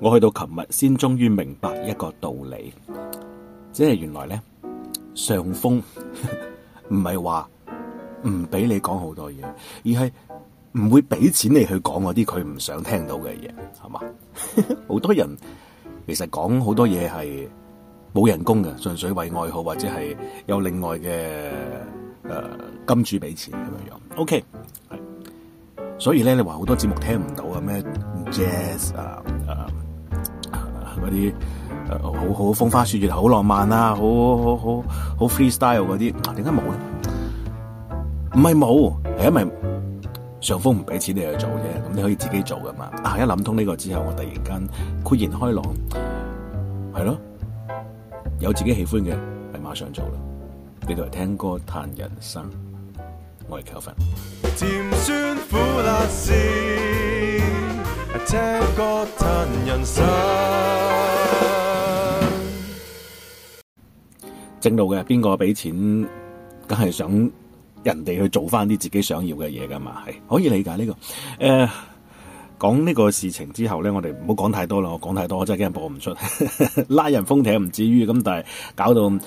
我去到琴日，先終於明白一個道理，即係原來咧，上峰唔係話唔俾你講好多嘢，而係唔會俾錢你去講嗰啲佢唔想聽到嘅嘢，係嘛？好 多人其實講好多嘢係冇人工嘅，純粹為愛好或者係有另外嘅誒、呃、金主俾錢咁樣樣。O K，係，所以咧，你話好多節目聽唔到啊？咩 Jazz 啊？Yes, uh, 嗰啲誒，好好風花雪月，好浪漫啊，好好好好 freestyle 嗰啲，點解冇咧？唔係冇，係因為上峰唔俾錢你去做啫，咁你可以自己做噶嘛。啊，一諗通呢個之後，我突然間豁然開朗，係咯，有自己喜歡嘅，咪馬上做咯。你哋嚟聽歌嘆人生，我係扣分。甜酸苦辣正路嘅邊個俾錢，梗係想人哋去做翻啲自己想要嘅嘢噶嘛？係可以理解呢、這個。誒、呃，講呢個事情之後咧，我哋唔好講太多啦。我講太多，我真係驚播唔出， 拉人封艇唔至於咁，但係搞到誒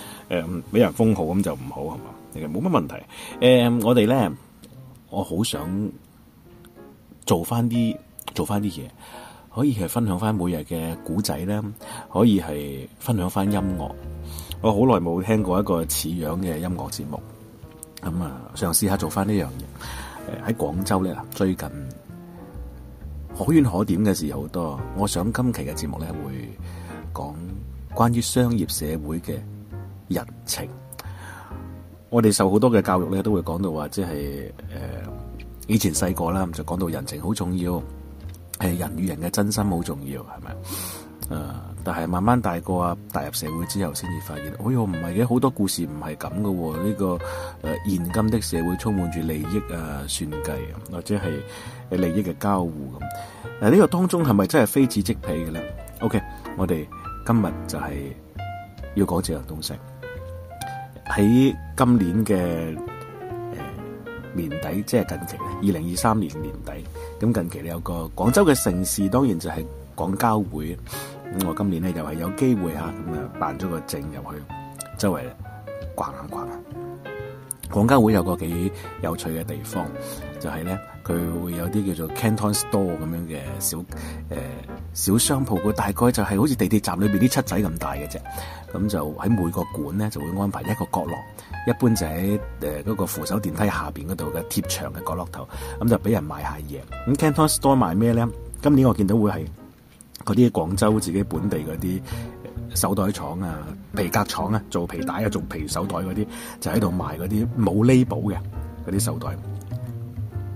俾、呃、人封號咁就唔好係嘛。其實冇乜問題。誒、呃，我哋咧，我好想做翻啲。做翻啲嘢，可以係分享翻每日嘅古仔啦，可以係分享翻音樂。我好耐冇聽過一個似樣嘅音樂節目，咁、嗯、啊，嘗試下做翻呢樣嘢。誒喺廣州咧，最近可圈可點嘅事好多。我想今期嘅節目咧會講關於商業社會嘅人情。我哋受好多嘅教育咧，都會講到話、就是，即係誒以前細個啦，就講到人情好重要。誒，人與人嘅真心好重要，係咪？誒、呃，但係慢慢大個啊，踏入社會之後，先至發現，哎喲，唔係嘅，好多故事唔係咁嘅。呢、這個誒、呃，現今的社會充滿住利益啊、算計啊，或者係誒利益嘅交互咁。誒、呃，呢、這個當中係咪真係非此即彼嘅咧？OK，我哋今日就係要講呢樣東西。喺今年嘅誒、呃、年底，即係近期咧，二零二三年年底。咁近期咧，有個廣州嘅盛事，當然就係廣交會。咁、嗯、我今年咧又係有機會嚇，咁啊辦咗個證入去，周圍逛一逛。廣交會有個幾有趣嘅地方，就係、是、咧，佢會有啲叫做 Canton Store 咁樣嘅小誒、呃、小商鋪，嗰大概就係好似地鐵站裏邊啲七仔咁大嘅啫。咁就喺每個館咧，就會安排一個角落，一般就喺誒嗰個扶手電梯下邊嗰度嘅貼牆嘅角落頭，咁就俾人賣下嘢。咁 Canton Store 賣咩咧？今年我見到會係嗰啲廣州自己本地嗰啲。手袋廠啊，皮革廠啊，做皮帶啊，做皮手袋嗰啲，就喺度賣嗰啲冇 label 嘅嗰啲手袋。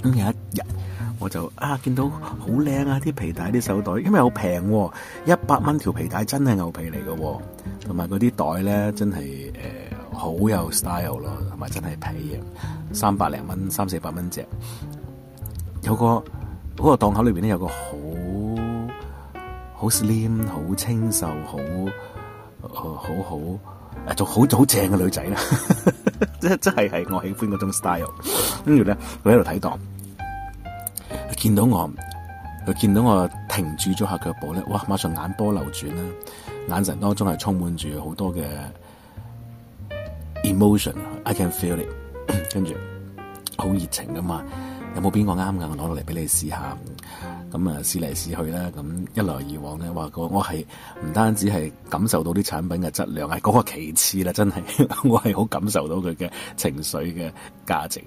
咁有一日，我就啊見到好靚啊，啲、啊、皮帶啲手袋，因為好平喎，一百蚊條皮帶真係牛皮嚟嘅、啊，同埋嗰啲袋咧真係誒好有 style 咯、啊，同埋真係皮嘅，三百零蚊，三四百蚊隻。有個嗰、嗰個檔口裏邊咧，有個好好 slim，好清秀，好～哦，好好誒，仲好好正嘅女仔啦，即即係係我喜歡嗰種 style。跟住咧，佢喺度睇檔，佢見到我，佢見到我停住咗下腳步咧，哇！馬上眼波流轉啦，眼神當中係充滿住好多嘅 emotion，I can feel it。跟住好熱情噶嘛，有冇邊個啱噶？我攞落嚟俾你試下。咁啊，試嚟試去啦，咁、嗯、一來二往咧，話我係唔單止係感受到啲產品嘅質量係嗰個其次啦，真係 我係好感受到佢嘅情緒嘅價值嘅。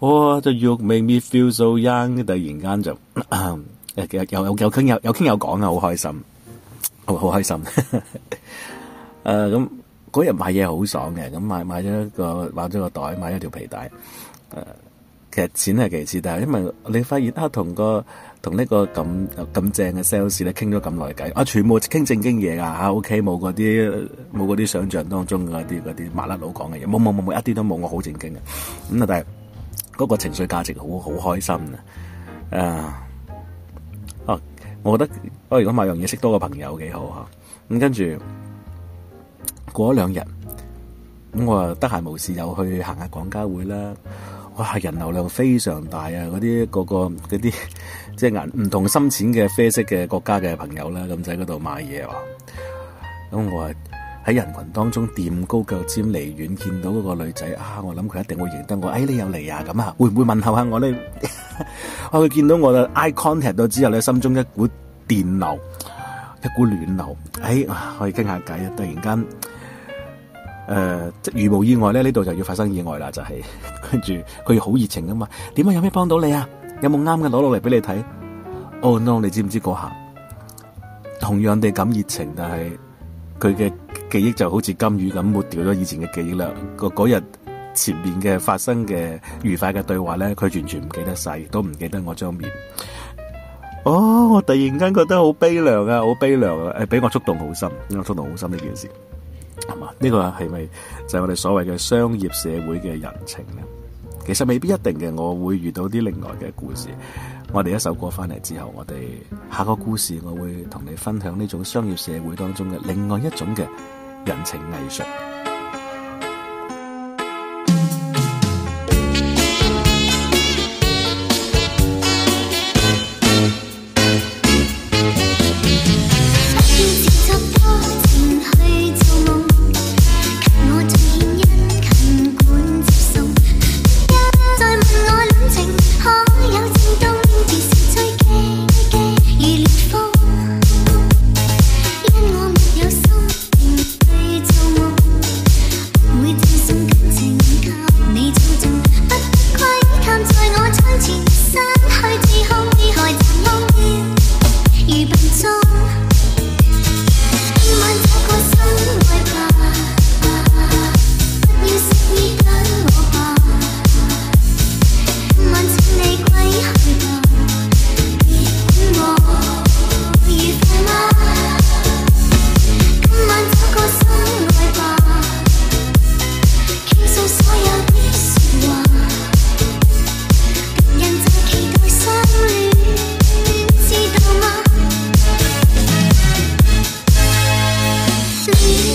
哇 The you make me feel so young，突然間就、呃、有有有傾有有傾有講啊，好、嗯、開心，好好開心。誒咁嗰日買嘢好爽嘅，咁買一買咗個買咗個袋，買咗條皮帶。誒、呃，其實錢係其次，但係因為你發現啊，同個。同呢、這個咁咁正嘅 sales 咧傾咗咁耐偈，啊全部傾正經嘢噶嚇，OK 冇嗰啲冇啲想象當中嗰啲啲麻甩佬講嘅嘢，冇冇冇冇一啲都冇，我好正經嘅。咁但係嗰、那個情緒價值好好開心啊。誒、啊、哦，我覺得我、啊、如果買樣嘢識多個朋友幾好嚇。咁跟住過咗兩日，咁我啊得閒無事又去行下廣交會啦。哇！人流量非常大啊，嗰啲個個嗰啲即係銀唔同深淺嘅啡色嘅國家嘅朋友咧，咁喺嗰度買嘢喎、啊。咁我喺人群當中踮高腳尖離遠，見到嗰個女仔啊，我諗佢一定會認得我。哎，你又嚟啊？咁啊，會唔會問候下我呢？我 佢、啊、見到我 eye contact 到之後咧，心中一股電流，一股暖流。哎，啊、可以傾下偈啊！突然間。誒、呃，如無意外咧，呢度就要發生意外啦，就係跟住佢好熱情噶嘛，點解有咩幫到你啊？有冇啱嘅攞落嚟俾你睇？哦、oh, no，你知唔知嗰下同樣地咁熱情，但係佢嘅記憶就好似金魚咁抹掉咗以前嘅記憶啦。嗰日前面嘅發生嘅愉快嘅對話咧，佢完全唔記得晒，亦都唔記得我張面。哦、oh，我突然間覺得好悲涼啊，好悲涼啊！誒，俾我觸動好深，因為觸動好深呢件事。係嘛？呢個係咪就係我哋所謂嘅商業社會嘅人情呢？其實未必一定嘅，我會遇到啲另外嘅故事。我哋一首歌翻嚟之後，我哋下個故事我會同你分享呢種商業社會當中嘅另外一種嘅人情藝術。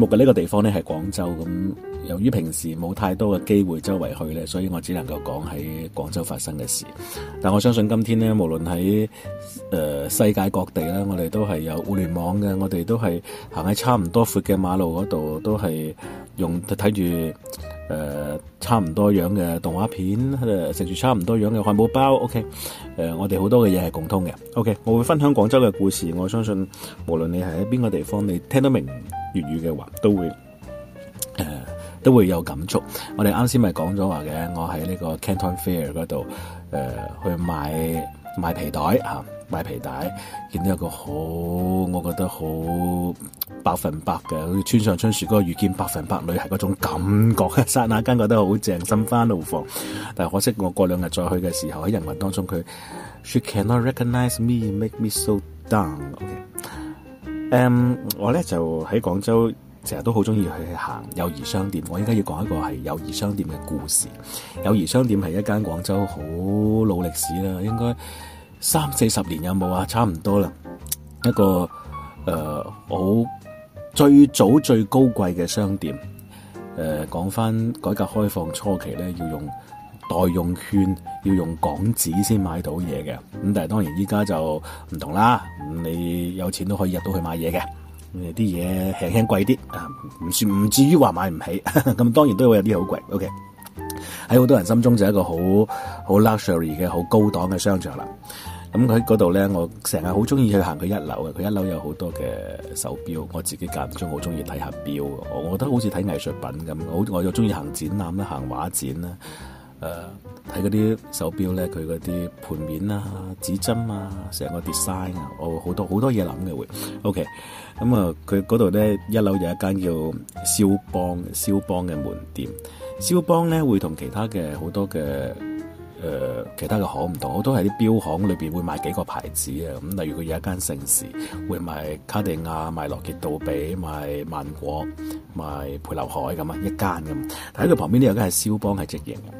目嘅呢個地方呢係廣州咁，由於平時冇太多嘅機會周圍去呢，所以我只能夠講喺廣州發生嘅事。但我相信今天呢，無論喺誒、呃、世界各地啦，我哋都係有互聯網嘅，我哋都係行喺差唔多闊嘅馬路嗰度，都係用睇住誒差唔多樣嘅動畫片，呃、食住差唔多樣嘅漢堡包。OK，誒，我哋好多嘅嘢係共通嘅。OK，我會分享廣州嘅故事，我相信無論你係喺邊個地方，你聽得明。粵語嘅話都會誒、呃、都會有感觸。我哋啱先咪講咗話嘅，我喺呢個 Canton Fair 嗰度誒去買買皮帶嚇，買皮帶見、啊、到有個好，我覺得好百分百嘅，好似《村上春樹》嗰遇見百分百女孩嗰種感覺，一剎那間覺得好正，心花怒放。但係可惜我過兩日再去嘅時候，喺人羣當中佢，She cannot recognise me, make me so down。Okay. 誒，um, 我咧就喺廣州成日都好中意去行友誼商店。我依家要講一個係友誼商店嘅故事。友誼商店係一間廣州好老歷史啦，應該三四十年有冇啊？差唔多啦。一個誒好、呃、最早最高貴嘅商店。誒、呃，講翻改革開放初期咧，要用。代用券要用港紙先買到嘢嘅，咁但係當然依家就唔同啦。你有錢都可以入到去買嘢嘅，啲嘢輕輕貴啲啊，唔算唔至於話買唔起。咁 當然都會有啲好貴。O.K. 喺好多人心中就係一個好好 luxury 嘅好高檔嘅商場啦。咁佢嗰度咧，我成日好中意去行佢一樓嘅，佢一樓有好多嘅手錶，我自己間中好中意睇下表，我覺得好似睇藝術品咁。我我又中意行展覽啦，行畫展啦。誒睇嗰啲手錶咧，佢嗰啲盤面啊、指針啊、成個 design 啊，我、哦、好多好多嘢諗嘅會。OK，咁、嗯、啊，佢嗰度咧，一樓有一間叫肖邦肖邦嘅門店。肖邦咧會同其他嘅好多嘅誒、呃、其他嘅行唔同，好多係啲錶行裏邊會賣幾個牌子啊。咁、嗯、例如佢有一間盛時會賣卡地亞、賣羅杰杜比、賣萬國、賣沛納海咁啊，一間咁。但喺佢旁邊都有一間係肖邦係直營嘅。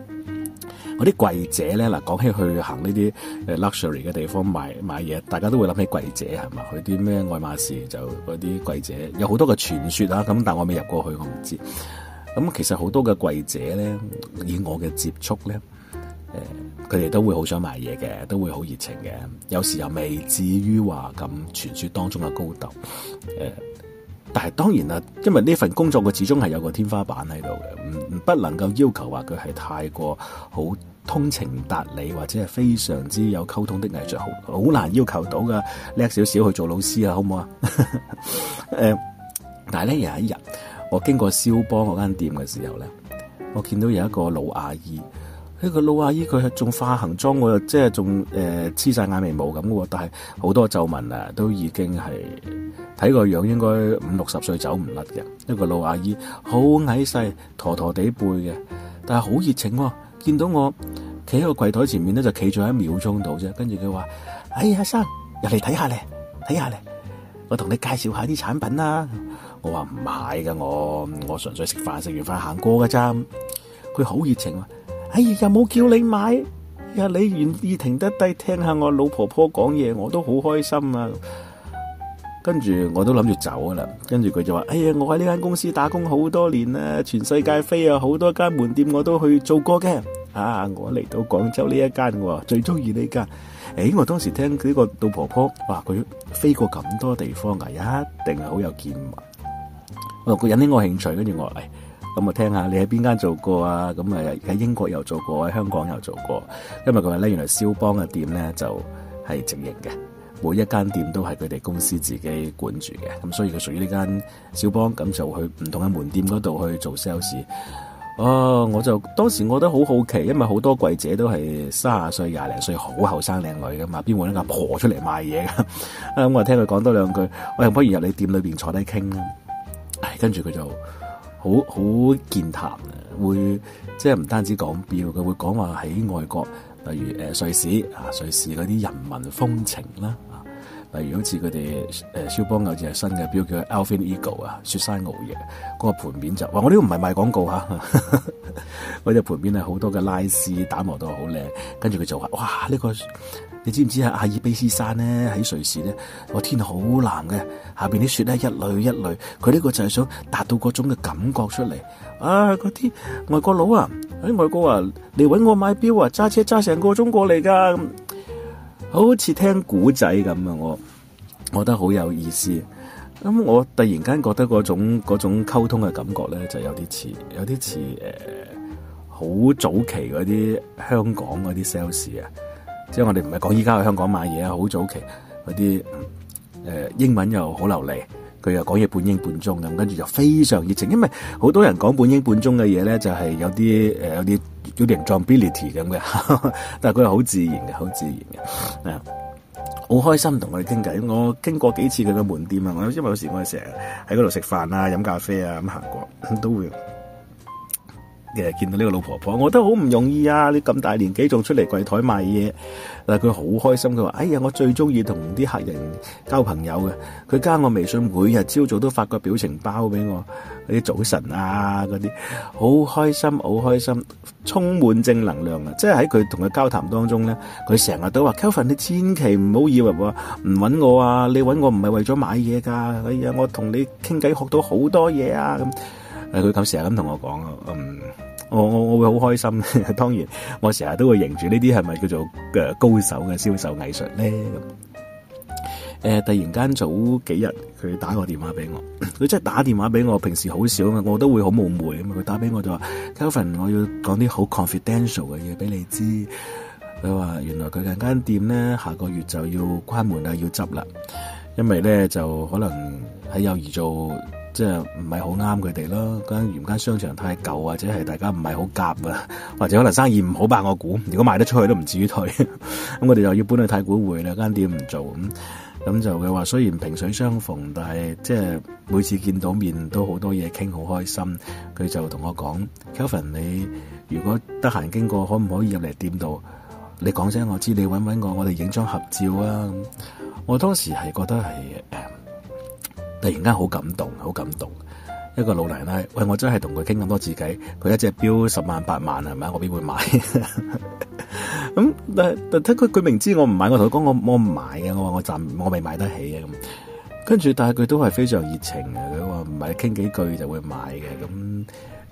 嗰啲櫃姐咧，嗱，講起去行呢啲誒 luxury 嘅地方買買嘢，大家都會諗起櫃姐係嘛？去啲咩愛馬仕就嗰啲櫃姐，有好多嘅傳說啦。咁但我未入過去，我唔知。咁其實好多嘅櫃姐咧，以我嘅接觸咧，誒、呃，佢哋都會好想買嘢嘅，都會好熱情嘅，有時又未至於話咁傳說當中嘅高度，誒、呃。但係當然啦，因為呢份工作嘅始終係有個天花板喺度嘅，唔唔不能夠要求話佢係太過好通情達理，或者係非常之有溝通的藝術，好好難要求到㗎。叻少少去做老師啊，好唔好啊？誒、 嗯，但係咧有一日，我經過蕭邦嗰間店嘅時候咧，我見到有一個老阿姨。呢個老阿姨佢係仲化行妝喎，即係仲誒黐晒眼眉毛咁喎，但係好多皺紋啊，都已經係睇個樣應該五六十歲走唔甩嘅。一個老阿姨好矮細，陀陀地背嘅，但係好熱情喎、哦。見到我企喺個櫃枱前面咧，就企咗一秒鐘度啫。跟住佢話：哎呀，生入嚟睇下咧，睇下咧，我同你介紹下啲產品啦。我話唔買噶，我我純粹食飯，食完飯行過噶咋。佢好熱情喎。哎呀，又冇叫你買，呀、哎、你願意停得低聽下我老婆婆講嘢，我都好開心啊！跟住我都諗住走噶啦，跟住佢就話：哎呀，我喺呢間公司打工好多年啦，全世界飛啊，好多間門店我都去做過嘅。啊，我嚟到廣州呢一間，我最中意呢間。誒、哎，我當時聽呢個老婆婆，話，佢飛過咁多地方啊，一定係好有見聞。佢引起我興趣，跟住我嚟。哎咁啊，我聽下你喺邊間做過啊？咁啊，喺英國又做過，喺香港又做過。因為佢話咧，原來蕭邦嘅店咧就係直營嘅，每一間店都係佢哋公司自己管住嘅。咁所以佢屬於呢間蕭邦，咁就去唔同嘅門店嗰度去做 sales。啊、哦，我就當時我都好好奇，因為好多櫃姐都係卅歲、廿零歲好後生靚女噶嘛，邊會拎阿婆出嚟賣嘢噶？咁 我聽佢講多兩句，我、哎、又不如入你店裏邊坐低傾啦。跟住佢就，好好健談，會即係唔單止講表，佢會講話喺外國，例如誒、呃、瑞士啊，瑞士嗰啲人民風情啦，啊，例如好似佢哋誒肖邦有隻新嘅表叫 Alpine Eagle 啊，雪山熬夜，嗰、那個盤面就，哇！我呢、啊、 個唔係賣廣告吓，我隻盤面係好多嘅拉絲，打磨到好靚，跟住佢就話，哇！呢、這個你知唔知喺阿爾卑斯山咧，喺瑞士咧，個天好藍嘅，下邊啲雪咧一累一累，佢呢個就係想達到嗰種嘅感覺出嚟。啊，嗰啲外國佬啊，誒外國啊，你揾我買表啊，揸車揸成個鐘過嚟噶，好似聽古仔咁啊！我我覺得好有意思。咁我突然間覺得嗰種嗰種溝通嘅感覺咧就有啲似，有啲似誒好早期嗰啲香港嗰啲 sales 啊。即係我哋唔係講依家去香港買嘢啊，好早期嗰啲誒英文又好流利，佢又講嘢半英半中咁，跟住就非常熱情。因為好多人講半英半中嘅嘢咧，就係、是、有啲誒、呃、有啲叫 linguability 嘅咁嘅， 但係佢係好自然嘅，好自然嘅啊！好、嗯、開心同我哋傾偈，我經過幾次佢嘅門店啊，我因為有時我哋成日喺嗰度食飯啊、飲咖啡啊咁行過，都會。誒見到呢個老婆婆，我覺得好唔容易啊！你咁大年紀仲出嚟櫃台買嘢，但係佢好開心。佢話，哎呀，我最中意同啲客人交朋友嘅。佢加我微信，每日朝早都發個表情包俾我，嗰啲早晨啊，嗰啲好開心，好開心，充滿正能量啊！即係喺佢同佢交談當中咧，佢成日都話：Kevin，l 你千祈唔好以為喎，唔揾我啊！你揾我唔係為咗買嘢㗎，哎呀，我同你傾偈學到好多嘢啊！咁。誒佢咁時係咁同我講，嗯，我我我會好開心。當然，我成日都會迎住呢啲係咪叫做嘅高手嘅銷售藝術咧。誒、呃，突然間早幾日佢打個電話俾我，佢真係打電話俾我。平時好少啊，我都會好冒昧啊嘛。佢打俾我就話：Kelvin，我要講啲好 confidential 嘅嘢俾你知。佢話原來佢間間店咧下個月就要關門啦，要執啦，因為咧就可能喺幼兒做。即係唔係好啱佢哋咯？原間商場太舊，或者係大家唔係好夾啊，或者可能生意唔好吧？我估如果賣得出去都唔至於退。咁我哋又要搬去太古匯啦，間店唔做咁咁、嗯、就佢話，雖然萍水相逢，但係即係每次見到面都好多嘢傾，好開心。佢就同我講：Kevin，你如果得閒經過，可唔可以入嚟店度？你講聲我知，你揾揾我，我哋影張合照啊！我當時係覺得係誒。突然間好感動，好感動。一個老奶奶，喂，我真係同佢傾咁多自己，佢一隻表十萬八萬係咪我邊會買咁？ 但係但睇佢，佢明知我唔買我同佢講，我我唔買嘅。我話我，我暫我未買得起嘅。咁跟住，但係佢都係非常熱情嘅。佢話唔係傾幾句就會買嘅咁。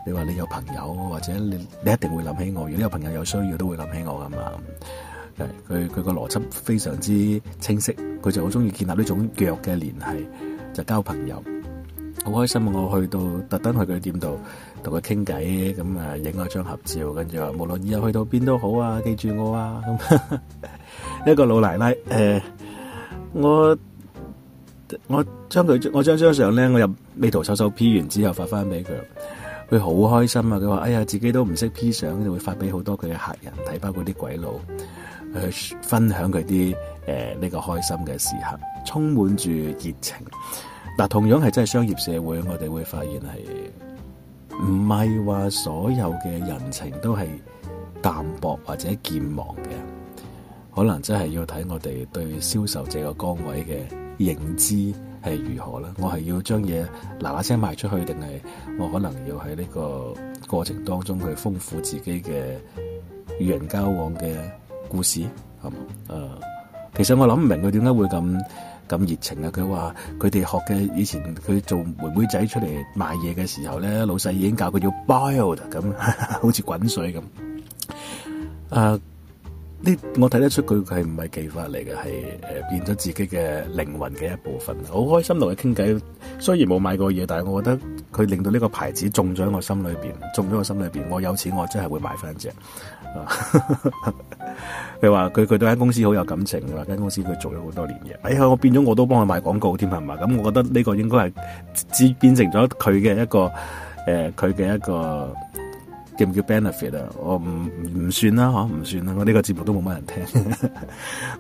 你話你有朋友或者你你一定會諗起我。如果你有朋友有需要，都會諗起我噶嘛。佢，佢個邏輯非常之清晰，佢就好中意建立呢種弱嘅聯繫。就交朋友，好開心！我去到特登去佢店度同佢傾偈，咁啊影咗張合照，跟住話無論以後去到邊都好啊，記住我啊！咁、嗯、 一個老奶奶，誒、呃，我我將佢我將張相咧，我又美圖秀秀 P 完之後發翻俾佢，佢好開心啊！佢話哎呀，自己都唔識 P 相，就會發俾好多佢嘅客人，睇包嗰啲鬼佬去分享佢啲誒呢個開心嘅時刻，充滿住熱情。嗱，但同樣係真係商業社會，我哋會發現係唔係話所有嘅人情都係淡薄或者健忘嘅？可能真係要睇我哋對銷售這個崗位嘅認知係如何啦。我係要將嘢嗱嗱聲賣出去，定係我可能要喺呢個過程當中去豐富自己嘅與人交往嘅故事，係嘛？誒、呃，其實我諗唔明佢點解會咁。咁熱情啊！佢話佢哋學嘅以前佢做妹妹仔出嚟賣嘢嘅時候咧，老細已經教佢要 boil 咁， 好似滾水咁。誒、uh，呢我睇得出佢係唔係技法嚟嘅，係誒、呃、變咗自己嘅靈魂嘅一部分。好開心同佢傾偈，雖然冇買過嘢，但係我覺得佢令到呢個牌子中咗喺我心裏邊，中咗我心裏邊。我有錢我真係會買翻隻。啊！你話佢佢對間公司好有感情啦，間公司佢做咗好多年嘢。哎呀，我變咗我都幫佢賣廣告添，係咪？咁我覺得呢個應該係隻變成咗佢嘅一個誒，佢、呃、嘅一個叫唔叫 benefit 啊？我唔唔算啦，嗬，唔算啦。我呢個節目都冇乜人聽。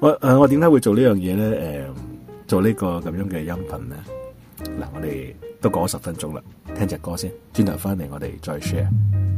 我誒、呃，我點解會做呢樣嘢咧？誒、呃，做這個這呢個咁樣嘅音頻咧？嗱，我哋都講十分鐘啦，聽隻歌先，轉頭翻嚟我哋再 share。Mm hmm.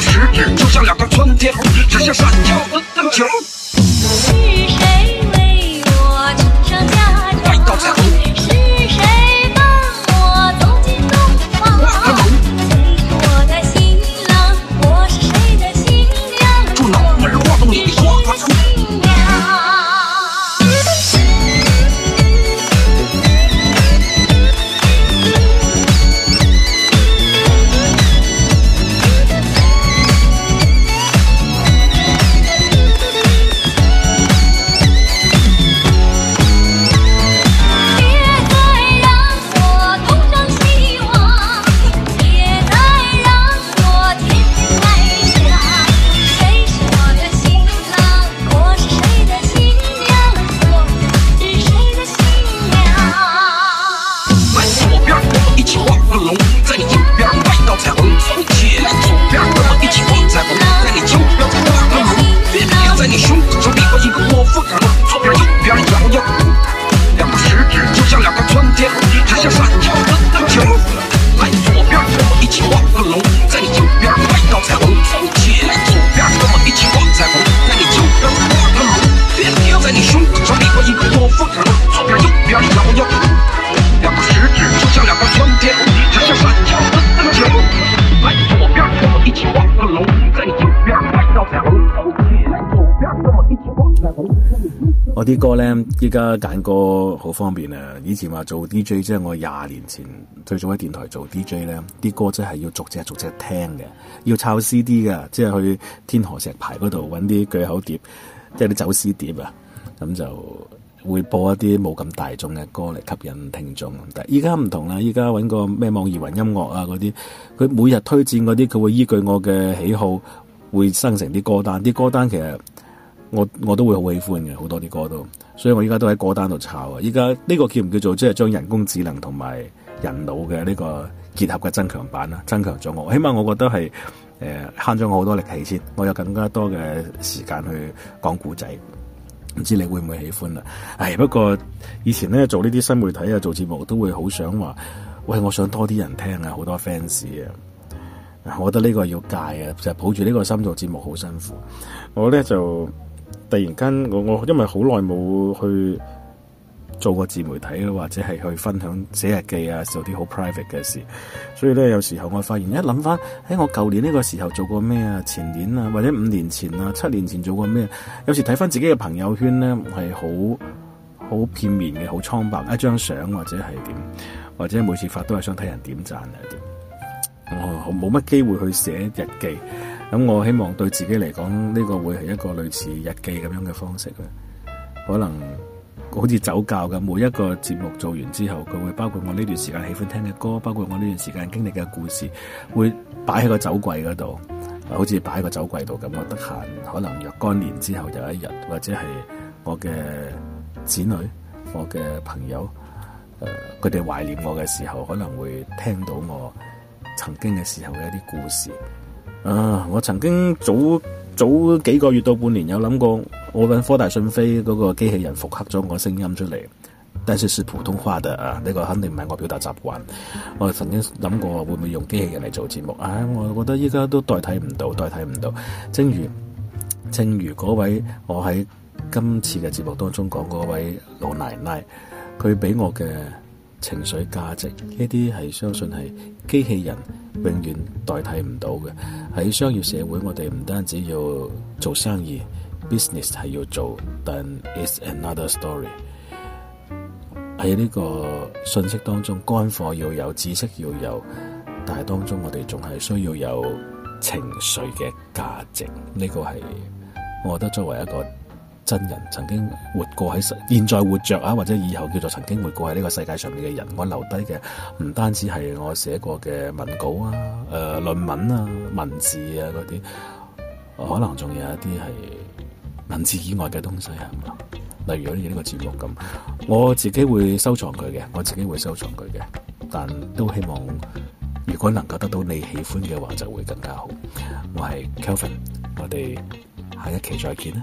十指就像兩個竄天猴，指向閃耀的燈球。我啲歌咧，依家揀歌好方便啊！以前話做 DJ 即係我廿年前最早喺電台做 DJ 咧，啲歌真係要逐隻逐隻聽嘅，要抄 CD 嘅，即係去天河石牌嗰度揾啲鋸口碟，即係啲走私碟啊。咁就會播一啲冇咁大眾嘅歌嚟吸引聽眾。但係依家唔同啦，依家揾個咩網易雲音樂啊嗰啲，佢每日推薦嗰啲，佢會依據我嘅喜好會生成啲歌單，啲歌單其實。我我都會好喜歡嘅，好多啲歌都，所以我依家都喺歌單度抄啊！依家呢個叫唔叫做即係將人工智能同埋人腦嘅呢個結合嘅增強版啦？增強咗我，起碼我覺得係誒慳咗我好多力氣先，我有更加多嘅時間去講故仔。唔知你會唔會喜歡啦？唉，不過以前咧做呢啲新媒體啊做節目都會好想話，喂，我想多啲人聽啊，好多 fans 啊！我覺得呢個要戒啊，就係抱住呢個心做節目好辛苦。我咧就～突然間，我我因為好耐冇去做過自媒體咯，或者係去分享寫日記啊，做啲好 private 嘅事，所以咧有時候我發現一諗翻，喺、欸、我舊年呢個時候做過咩啊，前年啊，或者五年前啊，七年前做過咩？有時睇翻自己嘅朋友圈咧，係好好片面嘅，好蒼白，一張相或者係點，或者每次發都係想睇人點贊啊點，我冇乜機會去寫日記。咁我希望對自己嚟講，呢個會係一個類似日記咁樣嘅方式嘅，可能好似酒窖咁，每一個節目做完之後，佢會包括我呢段時間喜歡聽嘅歌，包括我呢段時間經歷嘅故事，會擺喺個酒櫃嗰度，好似擺喺個酒櫃度咁。我得閒，可能若干年之後有一日，或者係我嘅子女、我嘅朋友，佢哋懷念我嘅時候，可能會聽到我曾經嘅時候嘅一啲故事。啊！Uh, 我曾經早早幾個月到半年有諗過，我搵科大訊飛嗰個機器人復刻咗我聲音出嚟，但係是說普通話的啊，呢個肯定唔係我表達習慣。我曾經諗過會唔會用機器人嚟做節目，唉、哎，我覺得依家都代替唔到，代替唔到。正如正如嗰位我喺今次嘅節目當中講過，嗰位老奶奶，佢俾我嘅。情緒價值呢啲係相信係機器人永遠代替唔到嘅。喺商業社會，我哋唔單止要做生意，business 係要做，但 is another story。喺呢個信息當中，乾貨要有，知識要有，但係當中我哋仲係需要有情緒嘅價值。呢、這個係我覺得作為一個真人曾經活過，喺現在活着啊，或者以後叫做曾經活過喺呢個世界上面嘅人，我留低嘅唔單止係我寫過嘅文稿啊、誒、呃、論文啊、文字啊嗰啲，可能仲有一啲係文字以外嘅東西啊，例如呢呢個節目咁，我自己會收藏佢嘅，我自己會收藏佢嘅，但都希望如果能夠得到你喜歡嘅話，就會更加好。我係 Kelvin，我哋下一期再見啦。